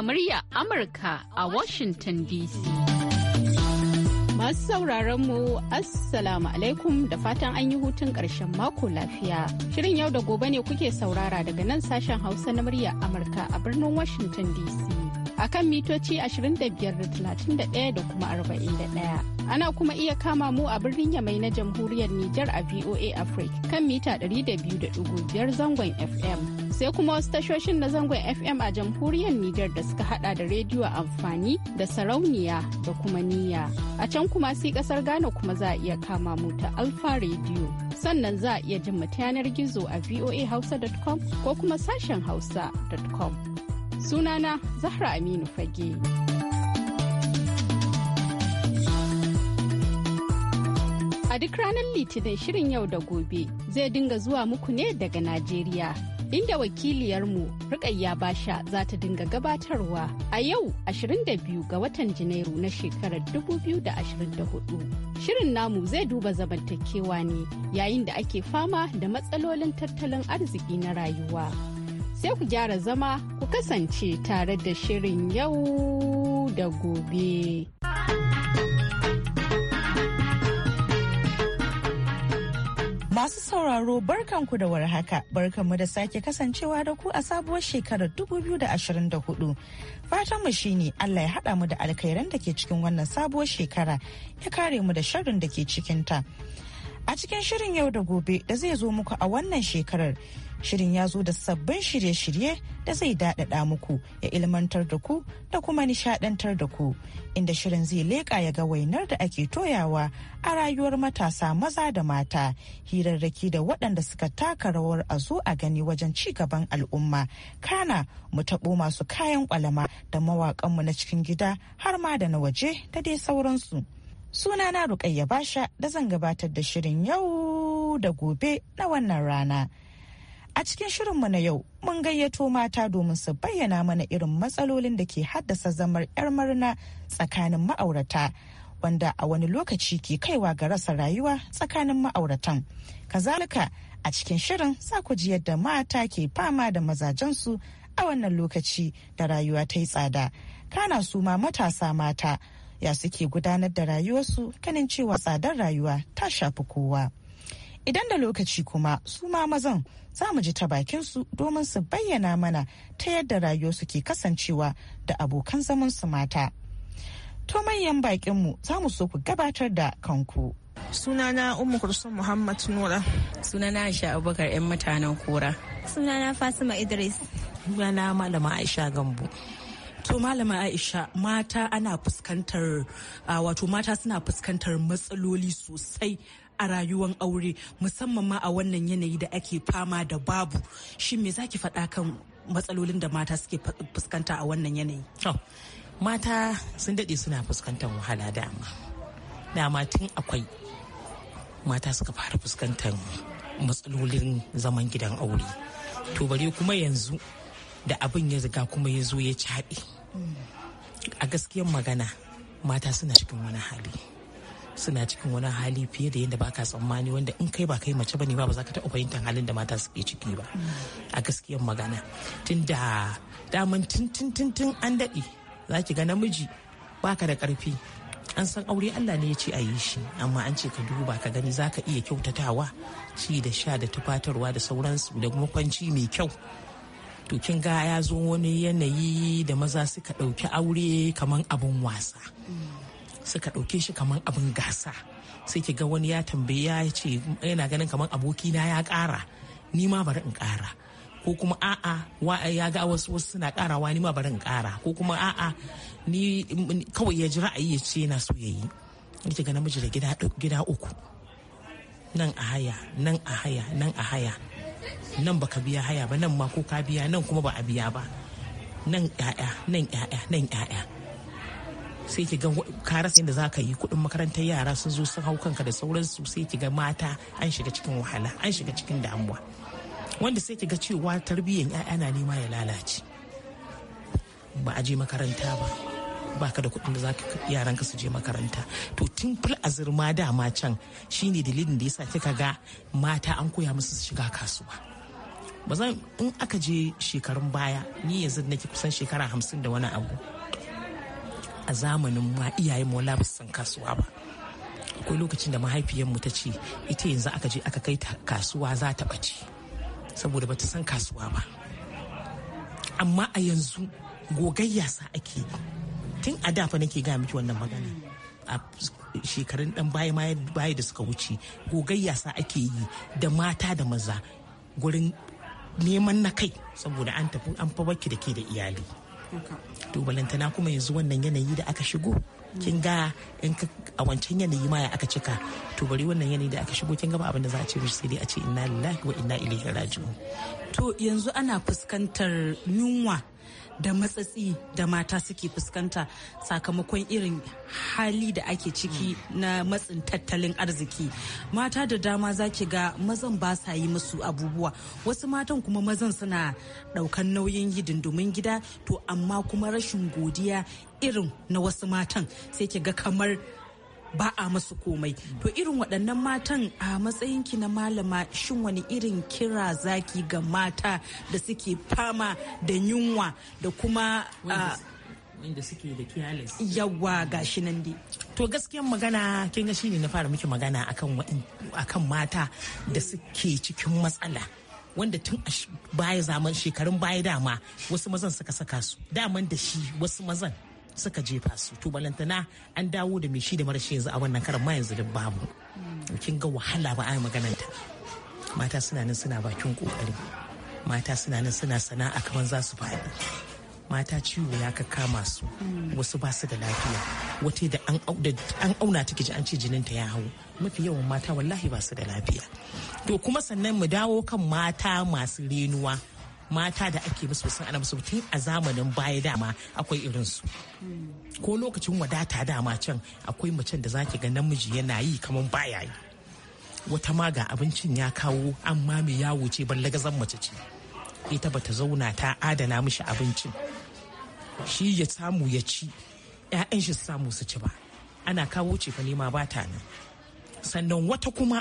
daga murya Amurka a Washington DC. Masu sauraron mu Assalamu alaikum da fatan an yi hutun ƙarshen mako lafiya. Shirin yau da gobe ne kuke saurara daga nan sashen Hausa na murya Amurka a birnin Washington DC. A kan mitoci 25 da 31 da kuma 41. Ana kuma iya kama mu a birnin Yamai na jamhuriyar Nijar a VOA Africa kan mita 200.5 zangon FM. Sai kuma wasu tashoshin na zangon FM a jamhuriyar Nijar da suka hada da rediyo amfani da sarauniya da kuma niyya. A can kuma sai kasar Ghana kuma za a iya kama mu ta Alfa Radio. Sannan za a iya jin mu yanar gizo a voahausa.com ko kuma sashen hausa.com. Sunana Zahra Aminu Fage. duk ranar Litinin shirin yau da gobe zai dinga zuwa muku ne daga Najeriya. Inda wakiliyarmu Rukayya Basha za ta dinga gabatarwa a yau 22 ga watan Janairu na shekarar 2024. Shirin namu zai duba zamantakewa ne yayin da ake fama da matsalolin tattalin arziki na rayuwa. Sai ku gyara zama ku kasance tare da shirin yau da gobe. Masu sauraro barkanku da warhaka, barkanmu da sake kasancewa da ku a sabuwar shekarar 2024. Fatanmu shine Allah ya haɗa mu da alkhairan da ke cikin wannan sabuwar shekara ya kare mu da sharrin da ke cikin ta. A cikin shirin yau da gobe da zai zo muku a wannan shekarar, shirin ya zo da sabbin shirye-shirye da zai daɗaɗa muku ya ilmantar da ku da kuma nishaɗantar da ku, inda shirin zai leƙa ya ga wainar da ake toyawa a rayuwar matasa maza da mata, hirarraki da waɗanda suka taka rawar a zo a gani wajen ci gaban al'umma. Kana mu taɓo masu kayan ƙwalama da mawaƙanmu na cikin gida har ma da na waje da dai sauransu. suna sunana Rukayya Basha da zan gabatar da shirin yau da gobe na wannan rana. A cikin shirinmu na yau mun gayyato mata domin su bayyana mana irin matsalolin da ke haddasa zamar 'yar murna tsakanin ma'aurata wanda a wani lokaci ke kaiwa ga rasa rayuwa tsakanin ma'auratan. Kazalika a cikin shirin za ku ji yadda mata ke fama da mazajensu a wannan lokaci da rayuwa ta yi tsada. Kana su ma matasa mata. ya suke gudanar da rayuwarsu ganin cewa tsadar rayuwa ta shafi kowa idan da lokaci kuma su ma mazan za mu ji ta bakinsu domin su bayyana mana ta yadda rayuwarsu ke kasancewa da abokan zamansu mata to manyan bakinmu za mu so ku gabatar da kanku sunana umu kursun muhammad nura sunana aisha abubakar yan mutanen kura sunana fasima idris sunana malama aisha gambo To malama Aisha mata ana fuskantar ah, wato mata suna fuskantar matsaloli sosai a rayuwar aure musamman ma a wannan yanayi da ake fama da babu shi me zaki faɗa kan matsalolin da mata suke fuskanta a wannan yanayi mata sun daɗe suna fuskantar wahala dama dama tun akwai mata suka fara fuskantar matsalolin zaman gidan aure to bare kuma yanzu da abin ya riga kuma ya zo ya caɓe a gaskiyar magana mata suna cikin wani hali suna cikin wani hali fiye da yadda baka tsammani wanda in kai ba kai mace bane ba ba za ka taɓa fahimtar halin da mata suke ciki ba a gaskiyar magana da daman tun an daɗe za ki ga namiji baka da ƙarfi an san aure Allah ne ya ce a yi shi amma an ce ka duba ka gani za ka iya kyautatawa ci da sha da tufatarwa da sauransu da kuma kwanci mai kyau to kin ga ya zo wani yanayi da maza suka ɗauki aure kamar abin wasa suka ɗauke shi kamar abin gasa sai ki ga wani ya tambaye ya ce yana ganin kamar abokina ya ƙara ni ma bari in ƙara ko kuma a'a wa ya ga wasu wasu suna ƙarawa ni ma bari in ƙara ko kuma a'a ni kawai ya ji ra'ayi ya ce yana so yayi ki ga namiji da gida uku nan a haya nan a haya nan a haya nan baka biya haya ba nan ma ko ka biya nan kuma ba a biya ba nan yaya nan yaya nan yaya sai ki ga ka yadda za ka yi kudin makarantar yara sun zo sun hau kanka da sauransu sai ki ga mata an shiga cikin wahala an shiga cikin damuwa wanda sai ki ga cewa tarbiyyar 'yaya na nema ya lalace ba a je makaranta ba baka da kuɗin da za zaka yaran ka su je makaranta to tun fil azurma dama can shine dalilin da yasa kika ga mata an koya musu su shiga kasuwa ba zan in aka je shekarun baya ni yanzu nake kusan shekara hamsin da wani abu a zamanin ma iyayen mu wala san kasuwa ba akwai lokacin da mahaifiyarmu ta ce ita yanzu aka je aka kai ta kasuwa za ta ɓace saboda bata san kasuwa ba amma a yanzu gogayya sa ake tun a dafa nake ga miki wannan magana a shekarun dan baya baya da suka wuce gogayya sa ake yi da mata da maza gurin neman na kai saboda an tafi an fa baki da ke da iyali to balantana kuma yanzu wannan yanayi da aka shigo kin ga in ka a wancan yanayi ma ya aka cika to bari wannan yanayi da aka shigo kin ga ba abin da za a ce mishi sai dai a ce inna lillahi wa inna ilaihi raji'un to yanzu ana fuskantar yunwa da matsatsi da mata suke fuskanta sakamakon irin hali da ake ciki na matsin tattalin arziki mata da dama zaki ga mazan ba sa yi musu abubuwa wasu matan kuma mazan suna daukan nauyin yi dindumin gida to amma kuma rashin godiya irin na wasu matan sai ki ga kamar ba a masu komai to irin waɗannan matan a matsayin ki na malama shin wani irin kira zaki ga mata da suke fama da yunwa da kuma inda ah, suke da kiyales Yawwa gashi nan dai. To gaskiyan magana kin ga shine na fara miki magana akan akan mata da suke cikin matsala. wanda tun a baya zaman shekarun baya dama wasu mazan suka saka su daman da shi wasu mazan suka jefa su to balantana an dawo da mai shi da marashi yanzu a wannan karan ma yanzu da babu hmm. kin ga wahala ba a yi magananta mata suna nan suna bakin kokari mata suna nan suna sana'a kamar za su faɗi mata ciwo ya ka kama su hmm. wasu ba su da lafiya wata da an auna ta ji an ce ta ya hau mafi yawan mata wallahi ba su da lafiya to kuma sannan mu dawo kan mata masu renuwa mata da ake musu sun ana musu tun a zamanin baya dama akwai irin su ko lokacin wadata dama can akwai macen da zaki ga namiji yana yi kamar baya yi wata ma ga abincin ya kawo amma mai yawo ce zan mace ce ita bata zauna ta adana mishi abincin shi ya samu ya ci 'ya'yan shi samu su ci ba ana kawo ce fa nema ba ta nan sannan wata kuma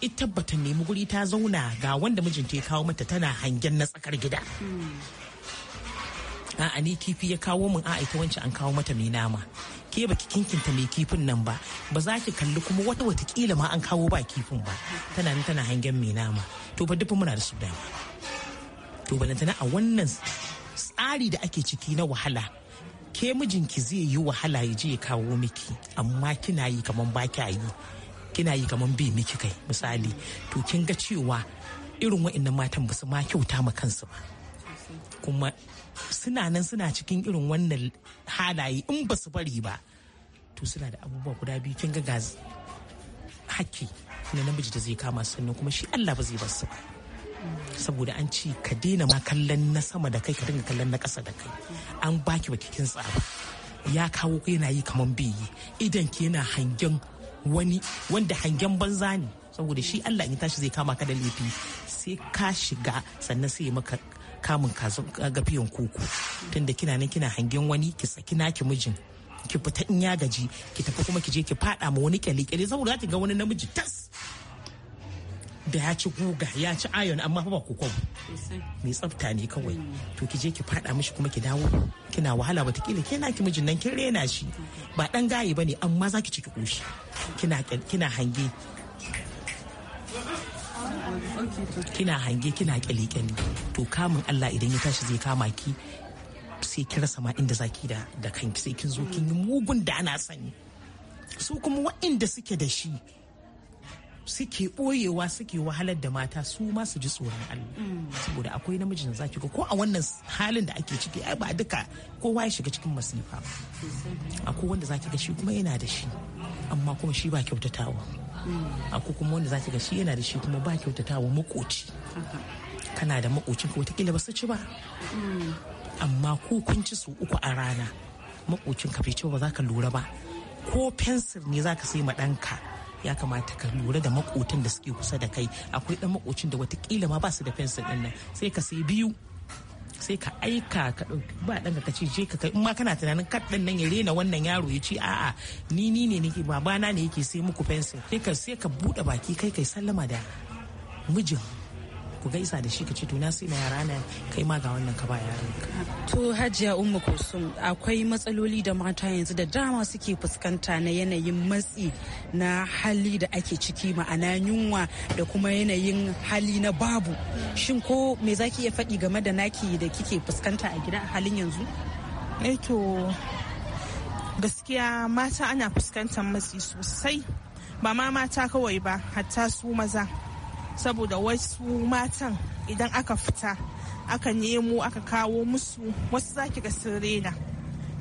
ita bata nemi guri ta zauna ga wanda mijinta ya kawo mata tana hangen na tsakar gida a'a ni kifi ya kawo min a'a ita wancan an kawo mata mai nama ke baki kinkinta mai kifin nan ba ba za ki kalli kuma wata watakila ma an kawo ba kifin ba tana nan tana hangen mai nama to fa dufin muna da su dama to balantana a wannan tsari da ake ciki na wahala ke mijinki zai yi wahala ya je ya kawo miki amma kina yi kamar ba yi kina yi kamar bai miki kai misali to kin ga cewa irin wa'annan matan ba su ma kyauta ma kansu ba kuma suna nan suna cikin irin wannan halaye in ba su bari ba to suna da abubuwa guda biyu kin ga gas hakki na namiji da zai kama sannan kuma shi Allah ba zai bar su ba saboda an ci ka daina ma kallon na sama da kai ka dinga kallon na ƙasa da kai an baki baki kin tsaba ya kawo yana yi kaman biyi idan ke yana hangen wani wanda hangen banza ne saboda shi Allah in tashi zai kama ka da laifi sai ka shiga sannan sai maka kamun gafiyan koko tunda kina nan kina hangen wani ki saki naki mijin ki fita in ya gaji ki tafi kuma ki je ki fada ma wani kyalikyali saboda za ki ga wani namiji tas da ya ci guga ya ci ayon amma ba kokon mai tsafta ne kawai mm. to ki je ki fada mishi kuma ki dawo kina wahala watakila kina ki mijin nan kin rena shi mm. ba dan gayi bane amma za ki ci ki koshi kina kina hange kina hange kina kyale to kamun Allah idan ya tashi zai kama ki sai ki rasa ma inda zaki da da kanki sai kin zo kin yi mugun da ana sani su kuma waɗanda suke da shi suke ɓoyewa suke wahalar da mata su ma su ji tsoron Allah mm. saboda akwai namijin za ki ga ko a wannan halin da ake ciki ai ba duka kowa ya shiga cikin masifa akwai wanda za ki ga shi kuma yana da shi amma kuma shi ba kyautatawa mm. akwai kuma wanda za ki ga shi yana da shi kuma ba kyautatawa makoci kana da makocin ka watakila ba su ci ba mm. amma ko kun ci su uku a rana makocin ka bai ci ba za ka lura ba ko fensir ne za ka sai ma ɗanka ya kamata ka lura da makotan da suke kusa da kai akwai dan makocin da watakila ma basu da fensin din nan sai ka sai biyu sai ka aika ka dauki ba ɗan ka ce je ka kai in ma kana tunanin kat din nan ya rena wannan yaro ya ce a'a ni ni ne nake babana ne yake sai muku fensin sai ka sai ka bude baki kai kai sallama da mijin ku gaisa da shi ka ce tuna sai ma yara na kai ma ga wannan ka ba yaran to hajiya umma kusum akwai matsaloli da mata yanzu da dama suke fuskanta na yanayin matsi na hali da ake ciki ma'ana yunwa da kuma yanayin hali na babu shin ko me ki iya faɗi game da naki da kike fuskanta a gida a halin yanzu eto eh gaskiya mata ana fuskantar matsi sosai ba ma mata kawai ba hatta su maza saboda wasu matan idan aka fita aka nemo aka kawo musu wasu zaki ga sun rena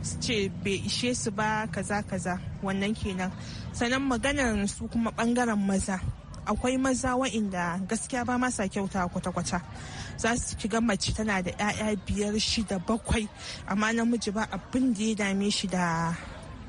su ce bai ishe su ba kaza kaza wannan kenan sannan maganar su kuma bangaren maza akwai maza wa'inda gaskiya ba masa kyauta kwata-kwata za su shiga mace tana da 'ya'ya biyar shida bakwai amma namiji ba abin da ya dame shi da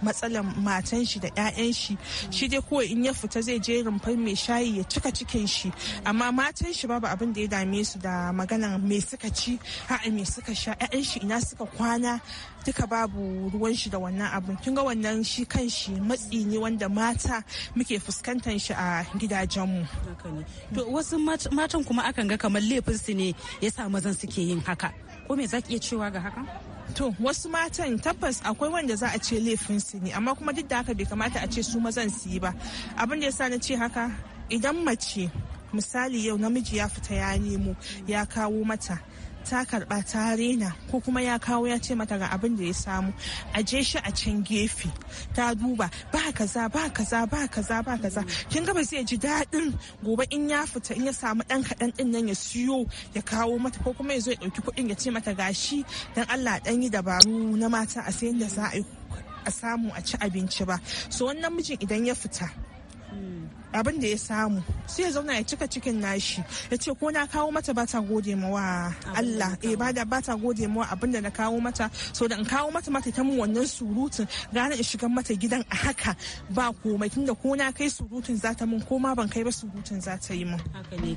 matsalan matan shi da 'ya'yan shi shi dai kowa in ya fita zai je rumfar mai shayi ya cika cikin shi amma matan shi babu abin da ya dame su da magana mai suka ci a'a mai suka sha 'ya'yan shi ina suka kwana duka babu ruwan shi da wannan abin kin ga wannan shi kan shi matsi ne wanda mata muke fuskantar shi a gidajenmu to wasu matan kuma akan ga kamar laifin su ne yasa mazan suke yin haka ko me zaki iya cewa ga haka to wasu matan tabbas akwai wanda za a ce laifin su ne amma kuma duk da haka bai kamata a ce su mazan su yi ba abin da yasa na ce haka idan mace misali yau namiji ya fita ya nemo ya kawo mata ta karba ta rena ko kuma ya kawo ya ce mata ga abin da ya samu a je shi a can gefe ta duba ba kaza ba kaza ba kaza ba kaza kin ga ba zai ji dadin gobe in ya fita in ya samu dan kaɗan din nan ya siyo ya kawo mata ko kuma ya zo ya ɗauki kuɗin ya ce mata gashi dan Allah dan yi dabaru na mata a sayan da za a a samu a ci abinci ba so wannan mijin idan ya fita abin da ya samu sai ya zauna ya cika cikin nashi ya ce ko na kawo mata ba ta gode mawa Allah eh ba da ba ta gode mawa abin da na kawo mata so da in kawo mata mata ta mun wannan surutun gane in shiga mata gidan a haka ba komai tunda ko na kai surutun za ta mun ko ma ban kai ba surutun za ta yi mun haka ne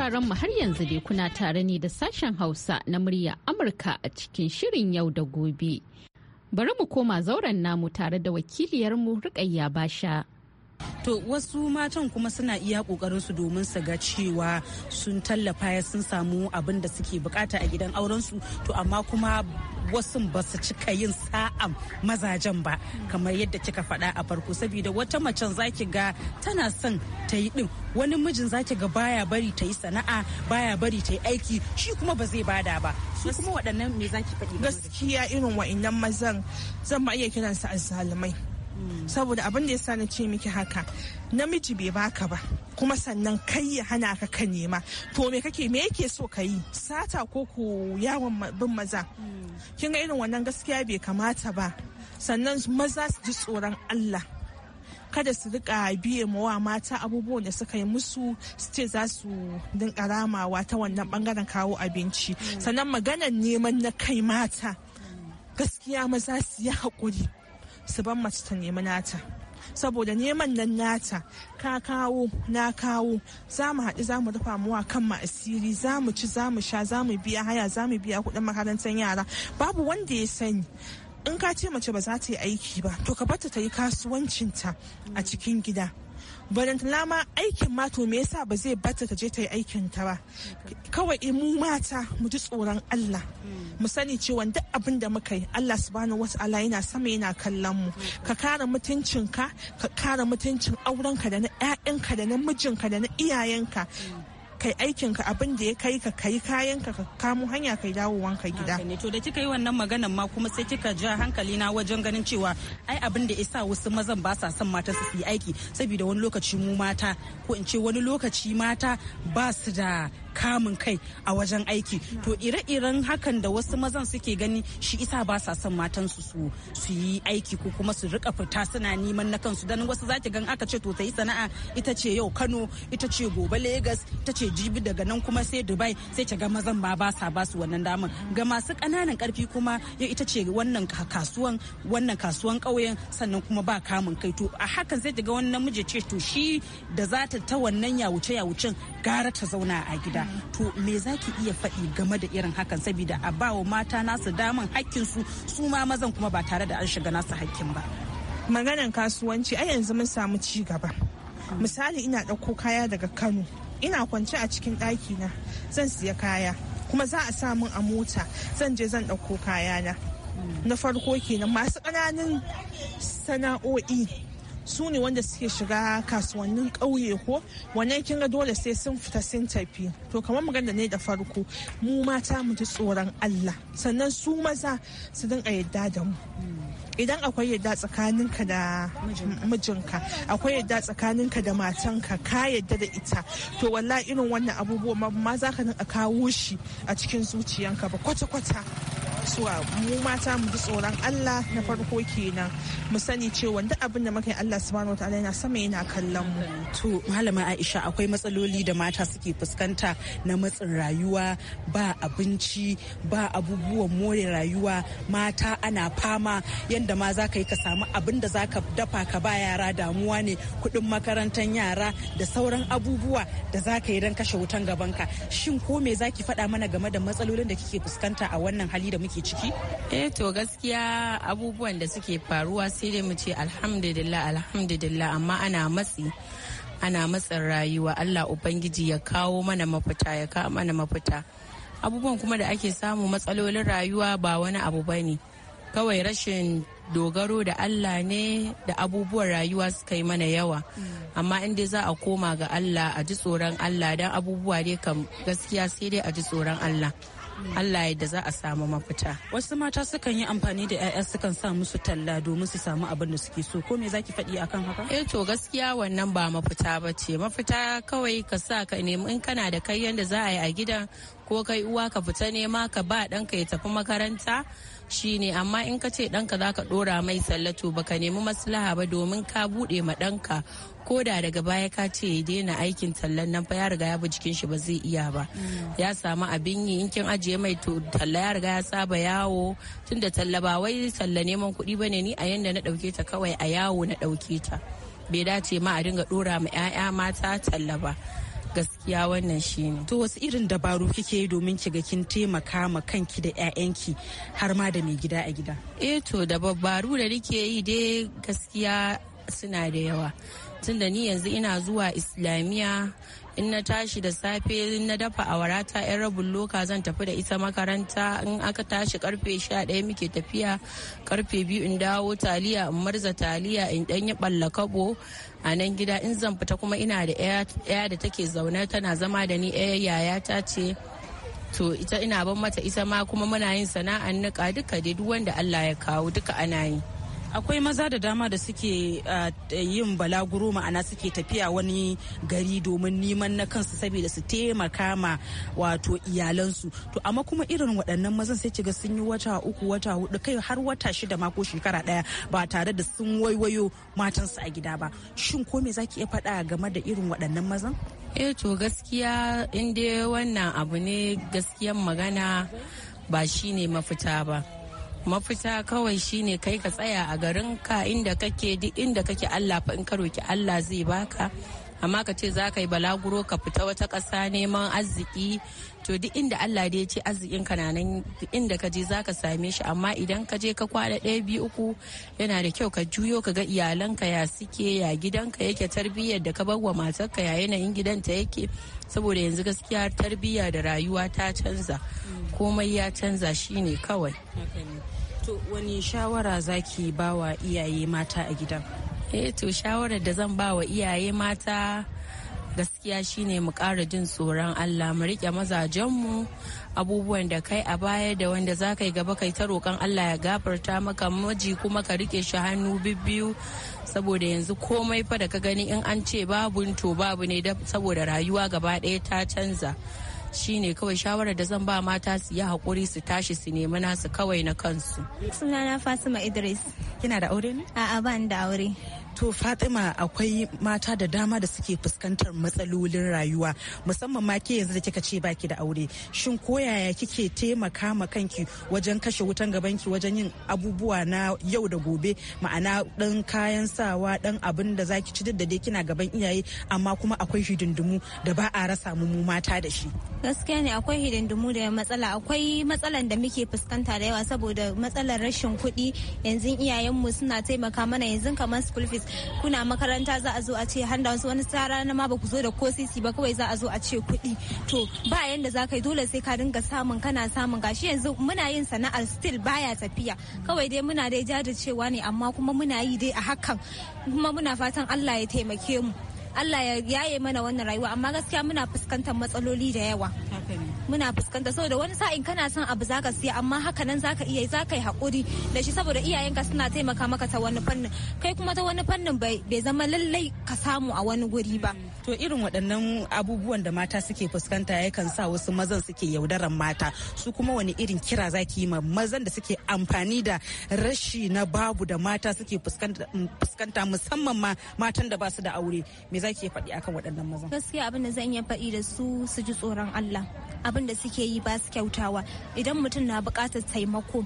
sauraron mu har yanzu dai kuna tare ne da sashen Hausa na murya Amurka a cikin shirin yau da gobe. Bari mu koma zauren namu tare da wakiliyarmu Rukayya Basha. to wasu matan kuma suna iya kokarin su domin su ga cewa sun tallafa ya sun samu abin da suke bukata a gidan auren su to amma kuma wasu ba su cika yin sa'an mazajen ba kamar yadda kika faɗa a farko saboda wata macen zaki ga tana son ta yi din wani mijin zaki ga baya bari ta yi sana'a baya bari ta yi aiki shi kuma ba zai bada ba su kuma waɗannan me zaki faɗi gaskiya irin wa'annan mazan zan ma iya kiransa azzalumai saboda abin da ya sa na ce miki haka namiji bai baka ba kuma sannan kai ya hana ka ka nema to me kake me yake so ka yi sata ko ku yawon bin maza kin ga irin wannan gaskiya bai kamata ba sannan maza su ji tsoron Allah kada su rika biye mawa mata abubuwan da suka yi musu su ce za su dinka ramawa ta wannan bangaren kawo abinci mm. sannan maganar neman na kai mata gaskiya maza su yi haƙuri su ban mace ta nemi nata saboda neman nan nata ka kawo na kawo za mu haɗu za mu rufa muwa kan mu asiri za mu ci za mu sha za mu biya haya za mu biya kuɗin makarantar yara babu wanda ya sani in ka ce mace ba za ta yi aiki ba to ka bata ta yi kasuwancinta a cikin gida barantana ma aikin ma me yasa ba zai bata ta je ta yi aikin ta ba kawai eh, mu mata mu ji tsoron Allah mu sani cewa duk abin da muka yi Allah subhanahu wataala yana sama yana kallon mu ka kare mutuncinka ka kare mutuncin aurenka da na ka da na mijinka da na iyayenka kai aikin ka abin da ya kai ka kai kayan ka ka kamo hanya kai dawo wanka gida to da kika yi wannan maganan ma kuma sai kika ja hankali na wajen ganin cewa ai abin da yasa wasu mazan ba sa son mata su yi aiki saboda wani lokaci mu mata ko in ce wani lokaci mata ba su da kamun kai a wajen aiki to ire-iren hakan da wasu mazan suke gani shi isa ba sa son matansu su su yi aiki ko kuma su rika fita suna neman na kansu dan wasu zaki gan aka ce to ta sana'a ita ce yau Kano ita ce gobe Lagos ita ce Jibi daga nan kuma sai Dubai sai ta ga mazan ba ba sa ba su wannan damar ga masu kananan karfi kuma ita ce wannan kasuwan wannan kasuwan kauyen sannan kuma ba kamun kai to a hakan sai ta ga wannan namiji ce to shi da za ta ta wannan yawuce yawucen gara ta zauna a gida to me za ki iya faɗi game da irin hakan saboda a ba wa mata nasu daman hakkin su ma mazan kuma ba tare da an shiga nasu hakkin ba. Maganan kasuwanci a yanzu mun samu ci gaba. Misali ina ɗauko kaya daga Kano ina kwance a cikin ɗaki na zan siya kaya kuma za a sa a mota zan je zan ɗauko kayana. Na farko kenan masu ƙananan sana'o'i su ne wanda suke shiga kasuwannin ƙauye ko wannan kin ga dole sai sun fita sun tafi to kamar magana ne da farko mu mata mu ji tsoron Allah sannan su maza su dinga yadda da mu idan akwai yadda tsakaninka da mijinka akwai yadda tsakaninka da matanka ka yadda da ita to walla irin wannan abubuwa ma za ka dinga kawo shi a cikin zuciyanka ba kwata-kwata suwa mu mata mu ji tsoron Allah na farko kenan mu sani cewa duk abin da muka yi Allah subhanahu wataala yana sama yana kallon mu to malama Aisha akwai matsaloli da mata suke fuskanta na matsin rayuwa ba abinci ba abubuwan more rayuwa mata ana fama yanda ma za ka yi ka samu abin da za ka dafa ka ba yara damuwa ne kuɗin makarantar yara da sauran abubuwa da za ka yi don kashe wutan gabanka shin ko me zaki faɗa mana game da matsalolin da kike fuskanta a wannan hali da muke muke ciki? Eh to gaskiya abubuwan da suke faruwa sai dai mu ce alhamdulillah alhamdulillah amma ana matsi ana matsin rayuwa Allah Ubangiji ya kawo mana mafita ya kawo mana mafita. Abubuwan kuma da ake samu matsalolin rayuwa ba wani abu ba ne. Kawai rashin dogaro da Allah ne da abubuwan rayuwa suka yi mana yawa hmm. amma in za a koma ga Allah a ji tsoron Allah don abubuwa dai kam gaskiya sai dai a ji tsoron Allah Allah ya da za a samu mafita wasu mata sukan yi amfani da 'ya'ya sukan sa musu talla domin su samu abin da suke so ko me za ki faɗi akan haka eh to gaskiya wannan ba mafita ba ce mafita kawai ka sa ka nemi in kana da kai yanda za a yi a gidan ko kai uwa ka fita nema ka ba ɗanka ya tafi makaranta shi ne amma in ka ce ɗanka za ka ɗora mai to baka nemi maslaha ba domin ka buɗe ma ɗanka ko da daga baya ka ce ya daina aikin tallan nan fa ya riga ya bi jikin shi ba zai iya ba mm. ya samu abin yi in kin ajiye mai to talla ya riga ya saba yawo tunda talla ba wai talla neman kuɗi bane ni a yanda na ɗauke ta kawai a yawo na ɗauke ta bai dace ma a dinga ɗora ma 'ya'ya mata talla ba gaskiya wannan shi ne. to wasu irin dabaru kike yi domin kiga kin taimaka ma kanki da 'ya'yanki har ma da mai gida a gida eh to da babbaru da nake yi dai gaskiya suna da yawa tunda ni yanzu ina zuwa islamiyya in na tashi da safe na dafa awara ta yan rabin loka zan tafi da ita makaranta in aka tashi karfe sha muke tafiya karfe biyu in dawo taliya in marza taliya in ɗan yi ɓalla kabo a nan gida in zan fita kuma ina da ɗaya da take zaune tana zama da ni ɗaya yayata ce to ita ina ban mata ita ma kuma muna yin sana'an niƙa duka dai duk wanda Allah ya kawo duka ana yi. akwai maza da dama da suke ah, yin balaguro ma'ana suke tafiya wani gari domin neman na kansu saboda su taimaka ma wato iyalansu to amma kuma irin waɗannan mazan sai kiga sun yi wata uku wata hudu kai har wata shida ma ko shekara ɗaya ba tare da sun waiwayo matansu a gida ba shin ko me zaki iya faɗa game da irin waɗannan mazan eh to gaskiya in dai wannan abu ne gaskiyan magana ba shine mafita ba mafita kawai shine kai ka tsaya a garin ka inda kake duk inda kake Allah fa in ka roki Allah zai baka amma ka ce za ka yi balaguro ka fita wata ƙasa neman arziki to duk inda Allah da ya ce arzikin ka nan inda ka je zaka same shi amma idan ka je ka kwana ɗaya biyu uku yana da kyau ka juyo ka ga iyalanka ya suke ya gidanka yake tarbiyyar da ka bar wa matarka ya yanayin gidanta yake saboda yanzu gaskiya tarbiyya da rayuwa ta canza komai ya canza shine kawai to wani shawara zaki wa iyaye mata a gidan eh to shawarar da zan ba wa iyaye mata gaskiya shine mu kara jin tsoron Allah mu riƙe mazajenmu abubuwan da kai a baya da wanda za ka yi gaba kai ta roƙon Allah ya gafarta maka maji kuma ka rike shi hannu bibbiyu saboda yanzu komai fa da ka gani in an ce babu to babu ne saboda rayuwa gaba ɗaya ta canza shine kawai shawarar da zan ba mata su yi haƙuri su tashi su nemi nasu kawai na kansu sunana Fatima Idris kina da aure ne a'a ban da aure to fatima akwai mata da dama da suke fuskantar matsalolin rayuwa musamman ma ke yanzu da kika ce baki da aure shin ko yaya kike taimaka ma kanki wajen kashe wutan gabanki wajen yin abubuwa na yau da gobe ma'ana dan kayan sawa dan abin da zaki ci duk da dai kina gaban iyaye amma kuma akwai hidindimu da ba a rasa mu mata da shi gaskiya ne akwai hidindimu da matsala akwai matsalan da muke fuskanta da yawa saboda matsalar rashin kuɗi yanzu iyayenmu suna taimaka mana yanzu kamar school fees kuna makaranta za a zo a ce handa wasu wani tsara na ma ba ku zo da ko ba kawai za a zo a ce kuɗi to ba yanda za ka yi dole sai ka dinga samun kana samun gashi yanzu muna yin sana'ar still baya tafiya kawai dai muna dai jajircewa ne amma kuma muna yi dai a hakan kuma muna fatan Allah ya taimake mu Allah ya yaye mana wannan rayuwa amma gaskiya muna fuskantar matsaloli da yawa. muna fuskanta saboda wani sa'in kana son abu za ka siya amma haka nan za ka iya za ka yi hakuri da shi saboda iyayenka suna taimaka maka ta wani fannin kai kuma ta wani fannin bai zama lallai ka samu a wani guri ba mm. to irin waɗannan abubuwan da mata suke fuskanta yakan sa wasu mazan suke yaudaran mata su kuma wani irin kira ki yi ma mazan da suke amfani da rashi na babu da mata suke fuskanta mm, musamman ma matan da ba su da aure me za ki faɗi akan waɗannan mazan gaskiya abin da zan iya faɗi da su su ji tsoron Allah abin abin da suke yi ba su kyautawa idan mutum na buƙatar taimako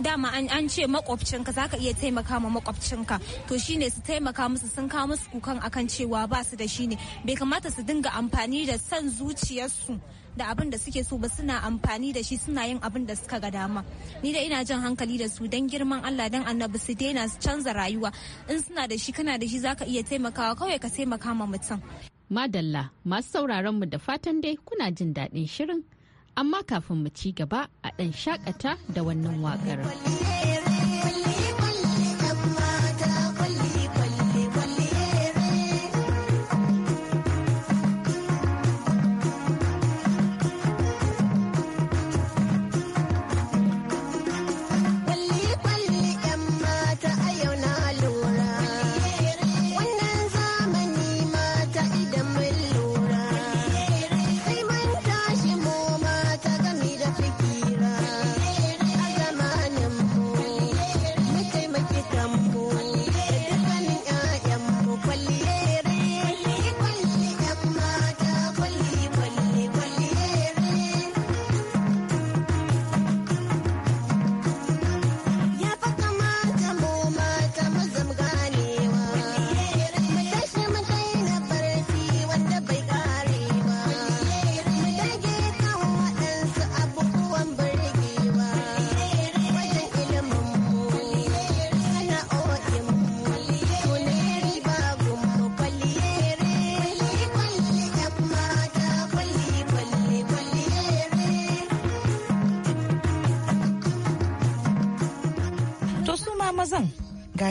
dama an ce makwabcinka za ka iya taimaka ma makwabcinka to shine su taimaka musu sun kawo musu kukan akan cewa ba su da shine bai kamata su dinga amfani da san zuciyarsu da abin da suke so ba suna amfani da shi suna yin abin da suka ga dama ni da ina jan hankali da su don girman Allah dan annabi su daina su canza rayuwa in suna da shi kana da shi zaka iya taimakawa kawai ka taimaka ma mutum madalla masu sauraron mu da fatan dai kuna jin daɗin shirin amma kafin mu ci gaba a ɗan shakata da wannan waƙar.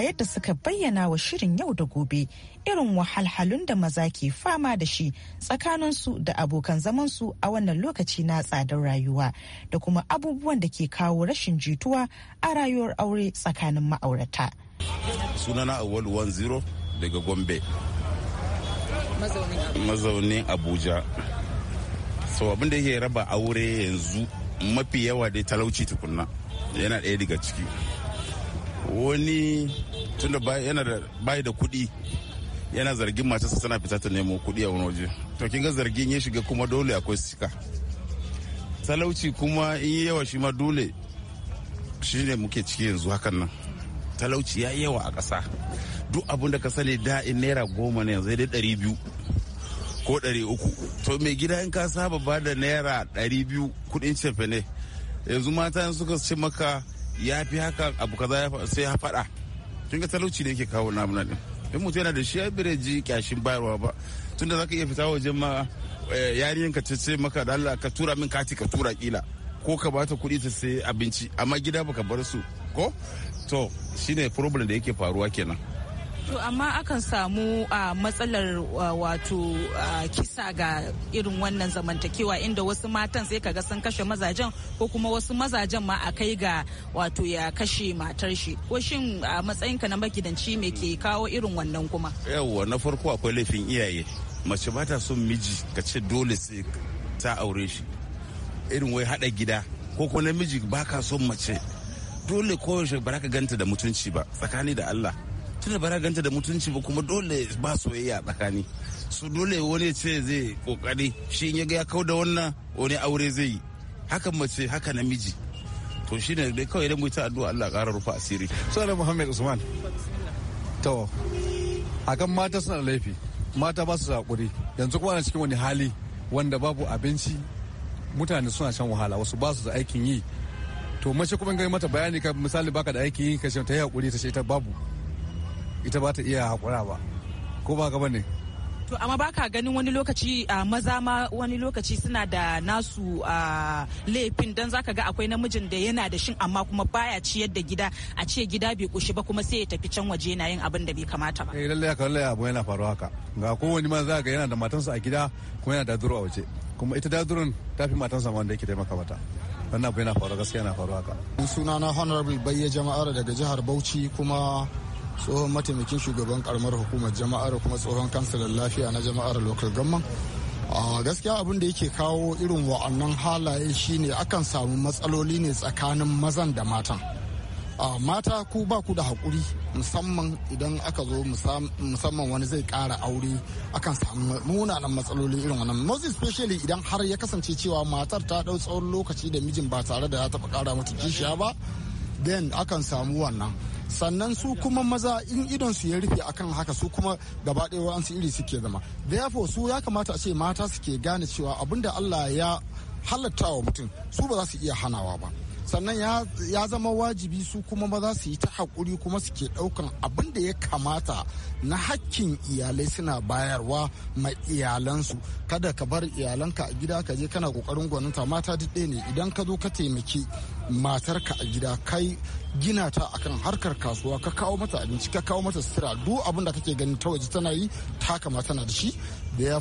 yadda suka bayyana wa shirin yau da gobe irin wahalhalun da maza ke fama da shi tsakaninsu da abokan zaman su a wannan lokaci na tsadar rayuwa da kuma abubuwan da ke kawo rashin jituwa a rayuwar aure tsakanin ma'aurata. sunana awal 10 daga gombe mazaunin abuja so abin da yake raba aure yanzu mafi yawa dai talauci tukunna yana ɗaya daga ciki wani tunda yana da bayi da kuɗi yana zargin matarsa tana fita ta nemo kuɗi a wani waje to kin ga zargin ya shiga kuma dole akwai sika talauci kuma in yi yawa shi ma dole shi ne muke ciki yanzu hakan nan talauci ya yawa a ƙasa duk abin da ka sani da'in naira goma ne yanzu dai ɗari biyu ko ɗari uku to mai gida in ka saba ba da naira ɗari biyu kuɗin cefe ne yanzu mata suka ce maka ya fi haka abu kaza sai ya faɗa kin ga talauci ne yake kawo namuna din in mutum yana da shi ya bire ji kyashin bayarwa ba tun tunda zaka iya fita wajen ma eh, yarinyanka ta ce maka da Allah ka tura min kati ka tura kila ko ka bata kuɗi ta sai abinci amma gida baka bar su ko to shine problem da yake faruwa kenan To amma akan samu a matsalar wato kisa ga irin wannan zamantakewa inda wasu matan sai kaga sun kashe mazajen ko kuma wasu mazajen ma a kai ga wato ya kashe matar shi. Ko shin a matsayinka na magidanci me ke kawo irin wannan kuma? Yawwa na farko akwai laifin iyaye. Mace ba ta son miji ka ce dole sai ta aure shi. Irin wai haɗa gida ko kuma namiji ba ka son mace. Dole kowace ba ka ganta da mutunci ba tsakani da Allah. tunda ba ganta da mutunci ba kuma dole ba soyayya tsakani su dole wani ce zai kokari shi in yaga ya kau da wannan wani aure zai yi haka mace haka namiji to shi ne dai kawai idan mu ta addu'a Allah ƙara rufa asiri sunan Muhammad Usman to akan mata suna da laifi mata ba su da hakuri yanzu kuma ana cikin wani hali wanda babu abinci mutane suna shan wahala wasu ba su da aikin yi to mace kuma ga mata bayani ka misali baka da aikin yi ka ce ta yi hakuri ta ce ta babu ita ba ta iya haƙura ba ko ba gaba ne to amma baka ganin wani lokaci a maza ma wani lokaci suna da nasu a laifin don zaka ga akwai namijin da yana da shin amma kuma baya ciyar da gida a ce gida bai kushi ba kuma sai ya tafi can waje yana yin abin da bai kamata ba eh lalle haka lalle abu yana faruwa haka ga kowani ma za ga yana da matansa a gida kuma yana da duro a waje kuma ita duron ta fi matansa ma wanda yake taimaka mata wannan abu yana faruwa gaskiya yana faruwa haka sunana honorable bayya jama'ar daga jihar Bauchi kuma tsohon mataimakin shugaban karamar hukumar jama'ar kuma tsohon kansilan lafiya na jama'ar local government a gaskiya abin da yake kawo irin wa'annan halaye shine akan samu matsaloli ne tsakanin mazan da matan mata ku ba ku da haƙuri musamman idan aka zo musamman wani zai ƙara aure akan samu munanan matsaloli irin wannan most especially idan har ya kasance cewa matar ta ɗau tsawon lokaci da mijin ba tare da ya taɓa ƙara mata kishiya ba then akan samu wannan sannan su kuma maza in idon su ya rufe akan haka su kuma gaba ɗaya wa'ansu iri suke zama therefore su ya kamata a ce mata suke gane cewa abinda Allah ya halatta wa mutum su ba za su iya hanawa ba sannan ya zama wajibi su kuma maza su yi ta haƙuri kuma su ke ɗaukan abin da ya kamata na hakkin iyalai suna bayarwa ma iyalansu kada ka bar iyalanka a gida ka je kana ƙoƙarin gwaninta mata duk ɗaya ne idan ka zo ka taimaki matarka a gida kai gina ta akan harkar kasuwa ka kawo mata abinci ka kawo mata sutura duk abin da kake ganin ta waje tana yi ta kamata na da shi da ya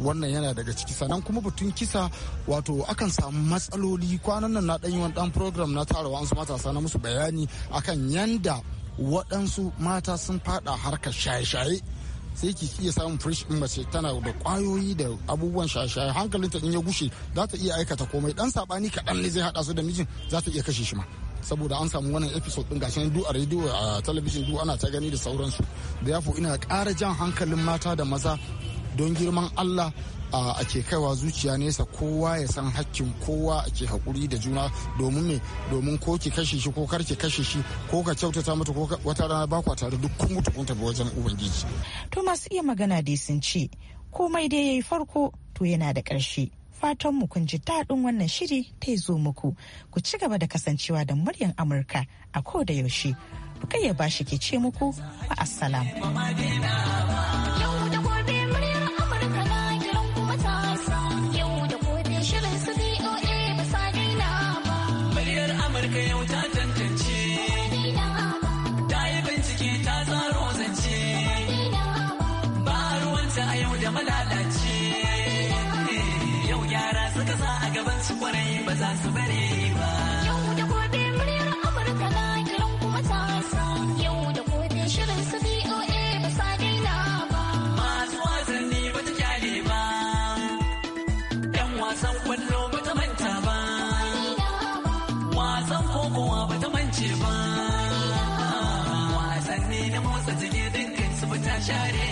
wannan yana daga ciki sannan kuma batun kisa wato akan samu matsaloli kwanan nan na ɗanyi wani ɗan program na tara wasu matasa na musu bayani akan yanda waɗansu mata sun faɗa harkar shaye-shaye sai ki iya samun fresh in mace tana da kwayoyi da abubuwan shaye-shaye hankalinta in ya gushe za ta iya aikata komai dan sabani kaɗan ne zai haɗa su da mijin za ta iya kashe shi ma saboda an samu wannan episode din gashi du a rediyo a talabijin du ana ta gani da sauransu da yafo ina ƙara jan hankalin mata da maza don girman Allah ake kaiwa zuciya nesa kowa ya san hakkin kowa ke haƙuri da juna domin me domin ko ki kashe shi ko kar ki kashe shi ko ka kyautata mata ko wata rana ba kwa tare duk mutu kun tafi wajen ubangiji to masu iya magana da sun ce komai dai yayi farko to yana da ƙarshe fatan mu kun ji daɗin wannan shiri ta zo muku ku ci gaba da kasancewa da muryar amurka a ko da yaushe bukayya bashi ke ce muku wa assalam shut it.